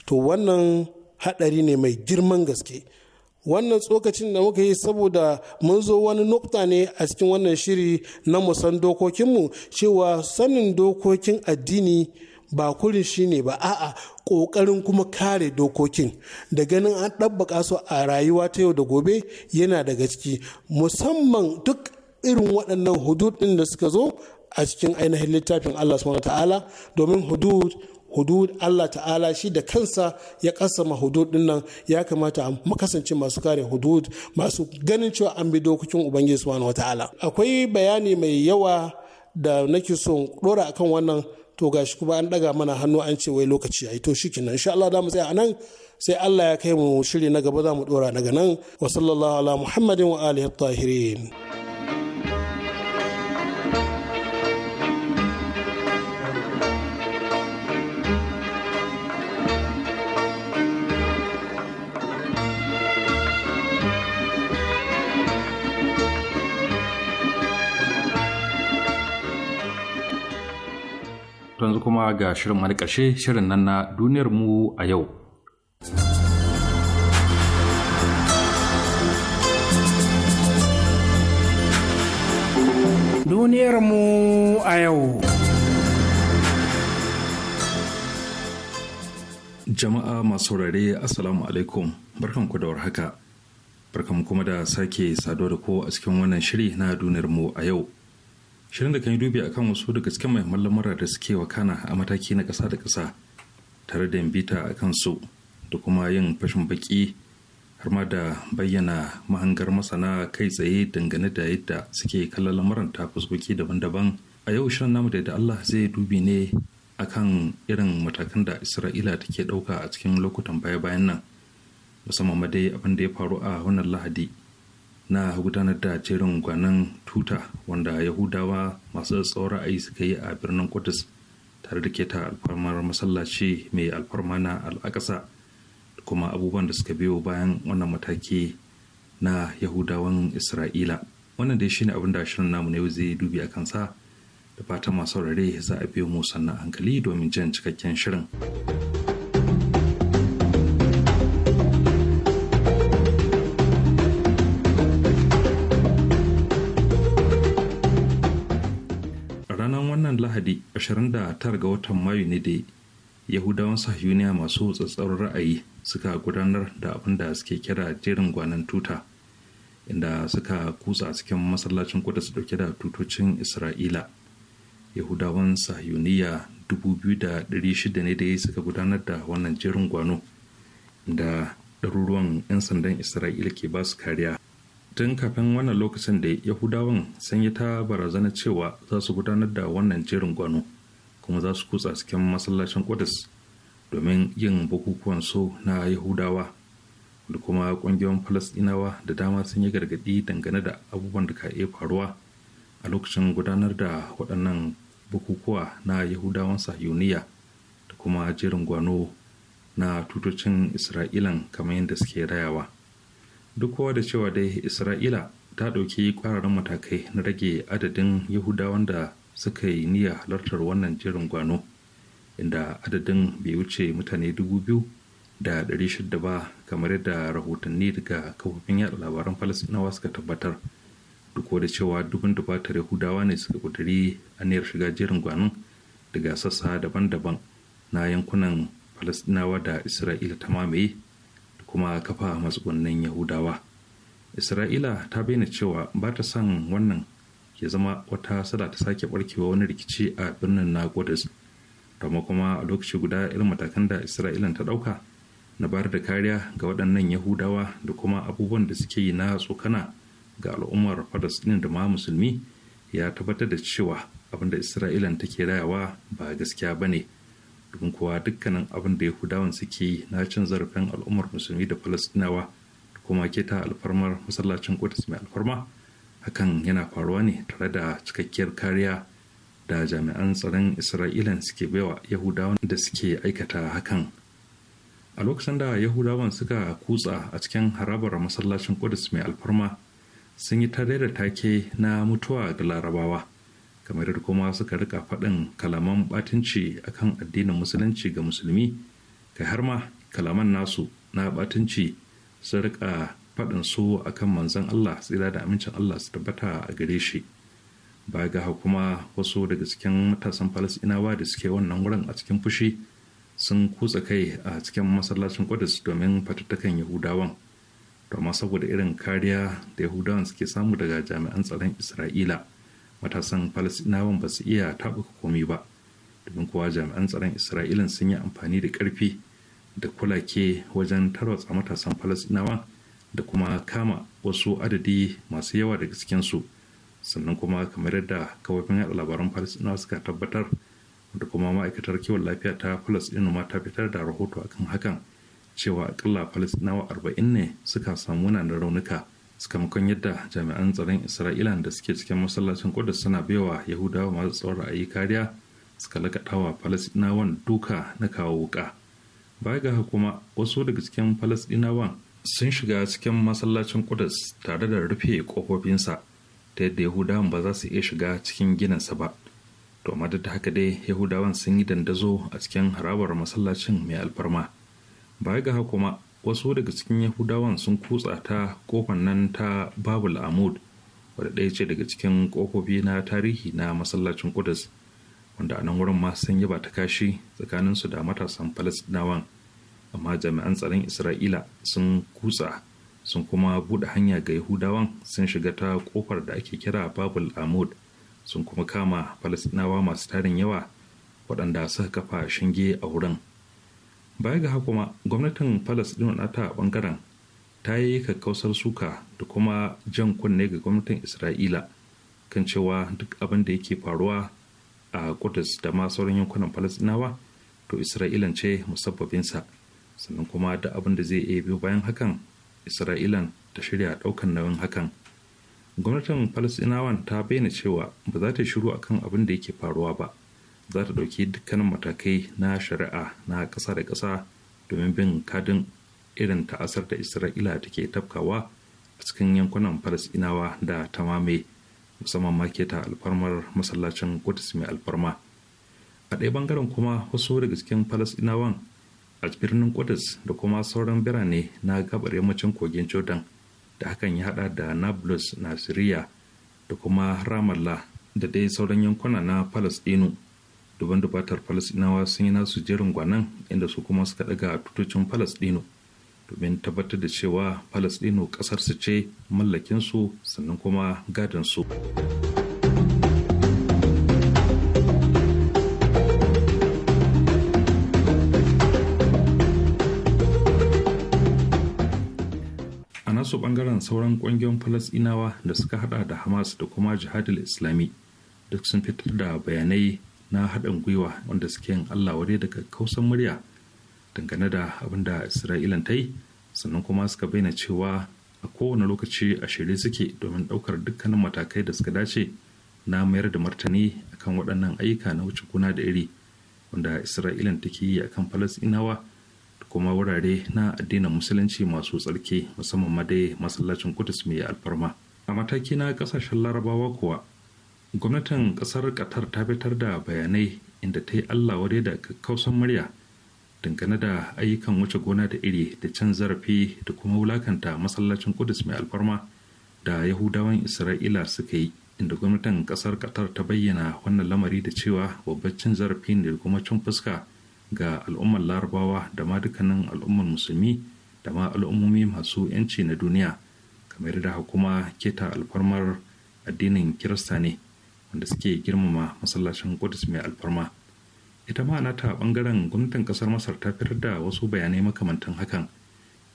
to wannan haɗari ne mai girman gaske wannan tsokacin da muka yi saboda mun zo wani nukta ne a cikin wannan shiri na musan dokokinmu cewa sanin dokokin addini ba kurin shi ne ba a'a ƙoƙarin kuma kare dokokin da ganin an ɗabbaka su a rayuwa ta yau da gobe yana daga ciki musamman duk irin waɗannan hududin da suka zo a cikin ainihin littafin Allah subhanahu ta'ala domin hudud hudud Allah ta'ala shi da kansa ya kasama hudud din nan ya kamata a kasance masu kare hudud masu ganin cewa an bi dokokin ubangiji subhanahu ta'ala akwai bayani mai yawa da nake so dora akan wannan to gashi kuma an daga mana hannu an ce wai lokaci yayi to shikenan insha Allah za mu tsaya nan sai Allah ya kai mu shiri na gaba za mu dora daga nan wa sallallahu ala muhammadin wa alihi tahirin yanzu kuma ga shirin wani ƙarshe shirin nan na duniyar mu a yau. Duniyar mu a yau. Jama'a masu rare Assalamu alaikum barkanku da haka Barkanku kuma da sake saduwa da ko a cikin wannan shiri na duniyar mu a yau. shirin da kan yi dubi akan wasu daga cikin muhimman lamura da suke wakana a mataki na kasa da kasa tare da bita a kansu da kuma yin fashin baki har ma da bayyana mahangar masana kai tsaye dangane da yadda suke kallon lamuran ta fuskoki daban-daban a yau shirin namu da Allah zai dubi ne akan irin matakan da Isra'ila take ɗauka a cikin lokutan baya-bayan nan musamman ma dai abin da ya faru a wannan lahadi na gudanar da jerin gwanan tuta wanda yahudawa masu tsawon ra'ayi suka yi a birnin kudus tare da keta alfarmar masallaci mai alfarma na al'akasa da kuma abubuwan da suka biyo bayan wannan mataki na yahudawan isra'ila wannan dai shine abin da shirin namu ne zai dubi a kansa da fatan masu za a biyo mu sannan hankali domin jan cikakken shirin. 29 ga watan mayu ne da yahudawan sahiyuniya masu tsatsar ra'ayi suka gudanar da abin da suke kira jerin gwanan tuta inda suka kutsa cikin masallacin kudus dauke da tutocin isra'ila yahudawan sahiyuniya 2,600 ne da suka gudanar da wannan jerin gwano da ɗaruruwan 'yan sandan isra'ila ke ba su kariya tun kafin wannan lokacin da yahudawan sun yi ta barazana cewa za su gudanar da wannan jerin gwano kuma za su kutsa cikin masallacin kudus domin yin bukukuwan so na yahudawa da kuma kungiyoyin falasdinawa da dama sun yi gargadi dangane da abubuwan da ka iya faruwa a lokacin gudanar da waɗannan bukukuwa na yahudawan sahiyuniya da kuma jerin gwano na tutocin isra'ilan kamar yadda suke rayawa. duk kowa da cewa dai isra'ila ta ɗauki ƙwararren matakai na rage adadin yahudawan da suka yi niyya halartar wannan jerin gwano inda adadin bai wuce mutane dubu biyu da ɗari shida ba kamar yadda rahotanni daga kafofin yada labaran falasinawa suka tabbatar duk da cewa dubin dubatar yahudawa ne suka ƙudiri aniyar shiga jerin gwanon daga sassa daban-daban na yankunan falasinawa da isra'ila ta mamaye kuma kafa matsugunan yahudawa isra'ila ta bayyana cewa ba ta son wannan ke zama wata sada ta sake barkewa wani rikici a birnin na godes domin kuma a lokaci guda irin matakan da isra'ilan ta dauka na bar da kariya ga waɗannan yahudawa da kuma abubuwan da suke yi na tsokana ga al'ummar falasɗin da ma musulmi ya tabbatar da cewa abin da isra'ilan take rayawa ba gaskiya ba ne domin kuwa dukkanin abin da yahudawan suke yi na cin zarafin al'ummar musulmi da falastinawa da kuma keta alfarmar masallacin kudus mai alfarma hakan yana faruwa ne tare da cikakkiyar kariya da jami'an tsaron isra'ila suke baiwa yahudawan da suke aikata hakan a lokacin da yahudawan suka kutsa a cikin harabar masallacin kudus mai alfarma sun yi tare da take na mutuwa ga larabawa kamar yadda kuma suka rika faɗin kalaman batunci akan addinin musulunci ga musulmi kai har ma kalaman nasu na batunci sun rika faɗin su akan manzon Allah tsira da amincin Allah su tabbata a gare shi ba ga kuma wasu daga cikin matasan falasinawa da suke wannan wurin a cikin fushi sun kutsa kai a cikin masallacin kudus domin fatattakan Yahudawan domin saboda irin kariya da Yahudawan suke samu daga jami'an tsaron Isra'ila matasan falasinawan ba su iya taɓuka komi ba domin kuwa jami'an tsaron isra'ila sun yi amfani da ƙarfi da kulake wajen tarwatsa matasan falasinawa da kuma kama wasu adadi masu yawa daga cikinsu sannan kuma kamar yadda kafofin yaɗa labaran falasinawa suka tabbatar da kuma ma'aikatar kiwon lafiya ta falasinawa ma ta fitar da rahoto akan hakan cewa akalla falasinawa arba'in ne suka samu munanan raunuka sakamakon yadda jami'an tsaron isra'ila da suke cikin masallacin kudus suna baiwa yahudawa masu tsawon ra'ayi kariya suka lakaɗawa falasɗinawan duka na kawo wuka baya ga kuma wasu daga cikin falasɗinawan sun shiga cikin masallacin kudus tare da rufe ƙofofinsa ta yadda yahudawan ba za su iya shiga cikin ginansa ba to amma duk da haka dai yahudawan sun yi dandazo a cikin harabar masallacin mai alfarma baya ga kuma wasu daga cikin yahudawan sun kutsa ta kofan nan ta babul amud wadda ɗaya ce daga cikin ƙofofi na tarihi na masallacin kudus wanda a nan wurin ma sun yaba ta kashi su da matasan falastinawan amma jami'an tsaron isra'ila sun kutsa sun kuma buɗe hanya ga yahudawan sun shiga ta kofar da ake kira babul amud sun kuma kama falastinawa masu tarin yawa waɗanda suka kafa shinge a wurin baya ga kuma gwamnatin palestine na ta bangaren ta yi kakkausar suka da kuma jan kunne ga gwamnatin isra'ila kan cewa duk abin da yake faruwa a kudus da ma sauran yankunan palestinawa to isra'ilan ce musabbabinsa sannan kuma da abin da zai iya biyo bayan hakan isra'ilan ta shirya daukan nauyin hakan gwamnatin palestinawan ta bayyana cewa ba za ta shiru akan abin da yake faruwa ba za ta ɗauki dukkanin matakai na shari'a na ƙasa da ƙasa domin bin kadin irin ta'asar da isra'ila take tafkawa a cikin yankunan falasɗinawa da ta musamman ma keta alfarmar masallacin kudus mai alfarma a ɗaya bangaren kuma wasu daga cikin falasɗinawan a birnin kudus da kuma sauran birane na gabar yammacin kogin jordan da hakan ya haɗa da nablus na siriya da kuma ramallah da dai sauran yankuna na falasɗinu duban dubatar falasdinawa sun yi nasu jerin gwanan inda su kuma suka daga tutocin falasdino domin tabbatar da cewa kasar ƙasarsu ce mallakinsu sannan kuma gadansu. su nasu bangaren sauran kungiyoyin falasdinawa da suka hada da hamas da kuma jihadul islami duk sun fitar da bayanai na haɗin gwiwa wanda suke yin allah ware daga kausan murya dangane da abin da isra'ilan ta yi sannan kuma suka bayyana cewa a kowane lokaci a shirye suke domin ɗaukar dukkanin matakai da suka dace na mayar da martani akan waɗannan ayyuka na wuce guna da iri wanda isra'ilan take yi akan falasɗinawa da kuma wurare na addinin musulunci masu tsarki musamman ma dai masallacin kudus mai alfarma a mataki na ƙasashen larabawa kuwa gwamnatin kasar qatar ta fitar da bayanai inda ta yi allah wadai da kakkausan murya dangane da ayyukan wuce gona da iri da can zarafi da kuma wulakanta masallacin kudus mai alfarma da yahudawan isra'ila suka yi inda gwamnatin kasar qatar ta bayyana wannan lamari da cewa babban cin zarafi ne da kuma cin fuska ga al'ummar larabawa da ma dukkanin al'ummar musulmi da ma al'ummomi masu yanci na duniya kamar da kuma keta alfarmar addinin kirista ne wanda suke girmama masallacin Qudus mai alfarma. Ita ma ta bangaren gwamnatin kasar Masar ta fitar da wasu bayanai makamantan hakan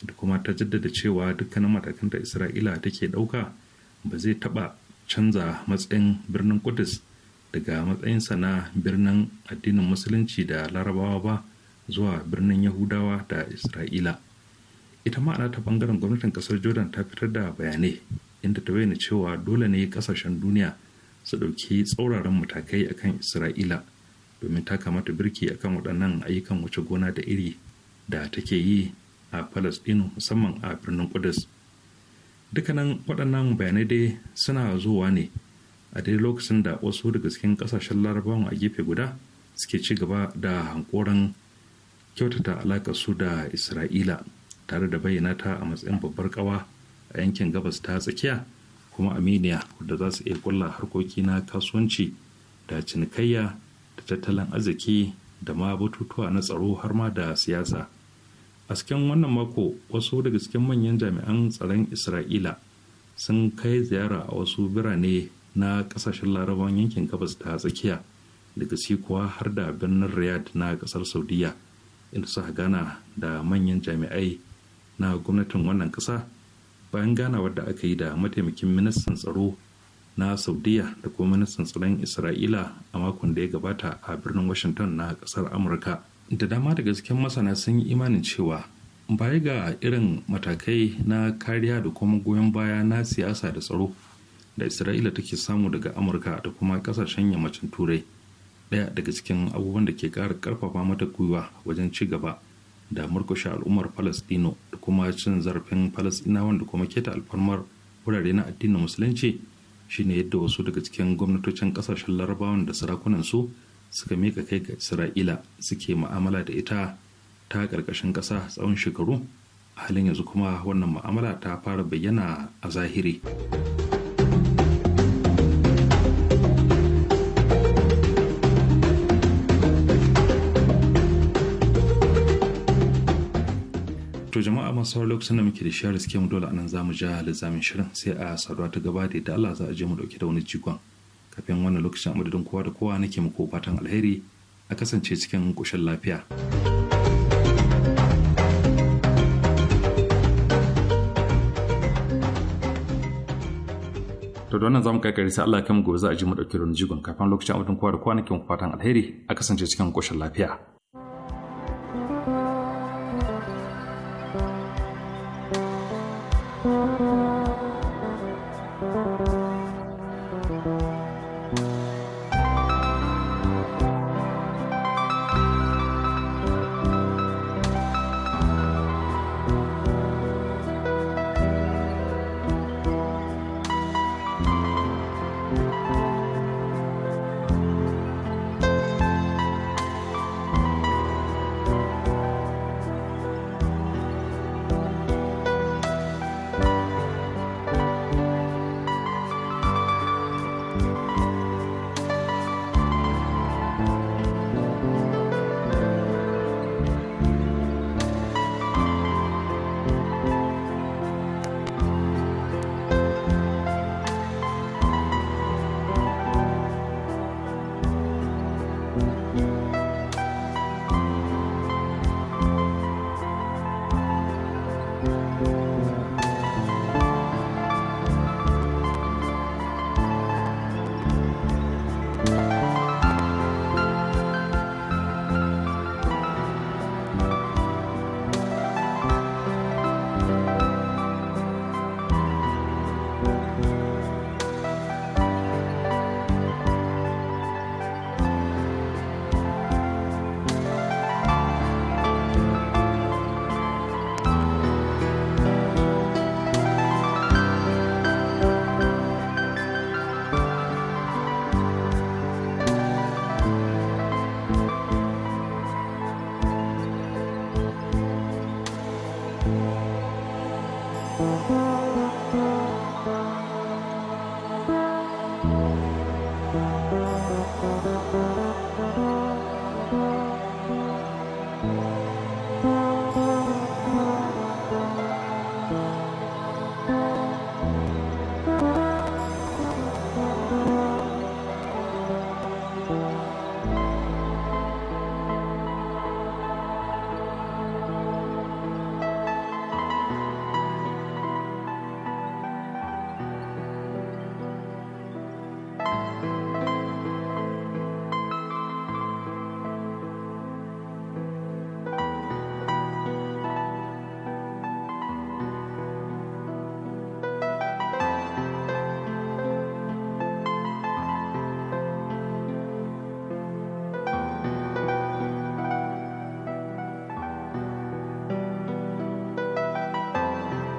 da kuma ta jaddada cewa dukkanin matakan da Isra'ila take ɗauka ba zai taɓa canza matsayin birnin Qudus daga matsayinsa na birnin addinin musulunci da larabawa ba zuwa birnin Yahudawa da Isra'ila. Ita ma ta bangaren gwamnatin kasar Jordan ta fitar da bayanai inda ta bayyana cewa dole ne kasashen duniya su ɗauki tsauraran matakai akan isra'ila domin ta kamata birki akan waɗannan ayyukan wuce gona da iri da take yi a palestino musamman a birnin kudus dukkanin waɗannan bayanai dai suna zuwa ne a dai lokacin da wasu daga cikin ƙasashen larabawan a gefe guda suke ci gaba da hankoran kyautata alaƙar su da isra'ila tare da bayyana ta a matsayin babbar ƙawa a yankin gabas ta tsakiya kuma aminiya wadda za su iya kulla harkoki na kasuwanci da cinikayya da tattalin arziki da ma batutuwa na tsaro har ma da siyasa a cikin wannan mako wasu daga cikin manyan jami'an tsaron isra'ila sun kai ziyara a wasu birane na kasashen larabawan yankin gabas da tsakiya daga kuwa har da birnin riyadh na kasar saudiya inda suka gana da manyan jami'ai na gwamnatin wannan kasa bayan ganawar da aka yi da mataimakin ministan tsaro na saudiya da kuma ministan tsaron isra'ila a makon da ya gabata a birnin washington na kasar amurka da dama daga cikin masana sun yi imanin cewa baya ga irin matakai na kariya da kuma goyon baya na siyasa da tsaro da isra'ila take samu daga amurka da kuma kasashen yammacin turai daya daga cikin abubuwan da ke kara karfafa mata gwiwa wajen ci gaba da murkushe al'ummar palestino da kuma cin zarafin falastinawan da kuma keta alfarmar wurare na addinin musulunci shine yadda wasu daga cikin gwamnatocin kasashen larabawan da sarakunan su suka mika kai ga isra'ila suke ma'amala da ita ta ƙarƙashin ƙasa tsawon shekaru halin yanzu kuma wannan ma'amala ta fara bayyana a zahiri. masu sauran lokacin da muke da shi riske mu dole anan zamu ja lizamin shirin sai a saduwa ta gaba da Allah za a je mu dauke da wani jigon kafin wannan lokacin a madadin kowa da kowa nake muku fatan alheri a kasance cikin kushin lafiya. to don nan zamu kai sai Allah kan gobe za a ji mu dauke da wani jigon kafin lokacin madadin kowa da kowa muku fatan alheri a kasance cikin koshin lafiya